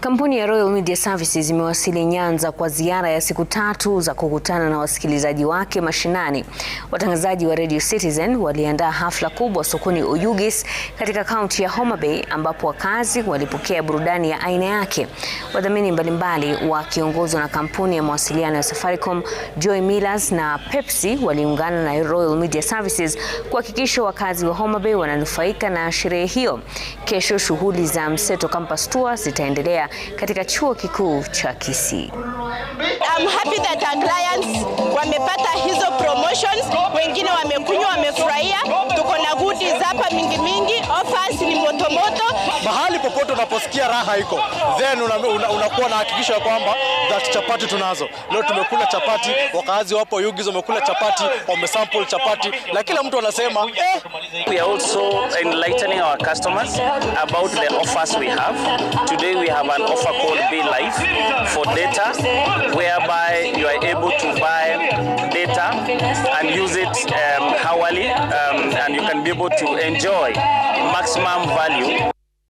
Kampuni ya Royal Media Services imewasili Nyanza kwa ziara ya siku tatu za kukutana na wasikilizaji wake mashinani. Watangazaji wa Radio Citizen waliandaa hafla kubwa sokoni Oyugis katika kaunti ya Homa Bay ambapo wakazi walipokea burudani ya aina yake. Wadhamini mbalimbali wakiongozwa na kampuni ya mawasiliano ya Safaricom, Joy Millers na Pepsi waliungana na Royal Media Services kuhakikisha wakazi wa Homa Bay wananufaika na sherehe hiyo. Kesho shughuli za Mseto Campus Tour zitaendelea katika chuo kikuu cha Kisii. I'm happy that our clients wamepata hizo promotions, wengine wamekunywa, wamefurahia, tuko na goodies hapa mingi mingi offer moto moto. Mahali popote unaposikia raha iko then unakuwa una, una na hakikisho ya kwamba that chapati tunazo. Leo tumekula chapati, wakaazi wapo Yugis wamekula chapati, wamesample chapati na kila mtu anasema eh. We are also enlightening our customers about the offers we have. Today we have an offer called Be Life for data whereby you are able to buy data and use it um, and you can be able to enjoy maximum value